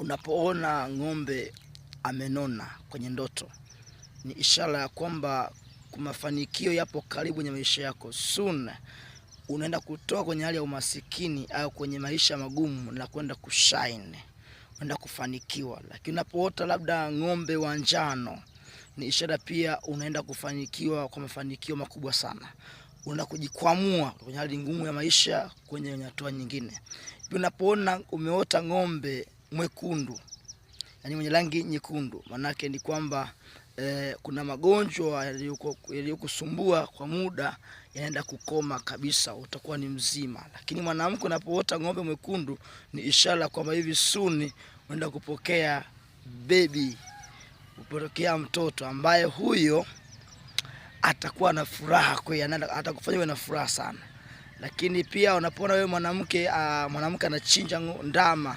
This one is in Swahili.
Unapoona ng'ombe amenona kwenye ndoto, ni ishara ya kwamba mafanikio yapo karibu kwenye maisha yako. Soon unaenda kutoka kwenye hali ya umasikini au kwenye maisha magumu na kwenda kushine, unaenda kufanikiwa. Lakini unapoota labda ng'ombe wa njano, ni ishara pia unaenda kufanikiwa kwa mafanikio makubwa sana unaenda kujikwamua kwenye hali ngumu ya maisha, kwenye hatua nyingine. Unapoona umeota ng'ombe mwekundu, yani mwenye rangi nyekundu. Maanake ni kwamba eh, kuna magonjwa yaliyokusumbua kwa muda yanaenda kukoma kabisa, utakuwa ni mzima. Lakini mwanamke, unapoota ng'ombe mwekundu ni ishara kwamba hivi suni unaenda kupokea bebi, kupokea mtoto ambaye huyo atakuwa na furaha kweli, atakufanya uwe na furaha sana. Lakini pia unapoona wewe mwanamke, ah, mwanamke anachinja ndama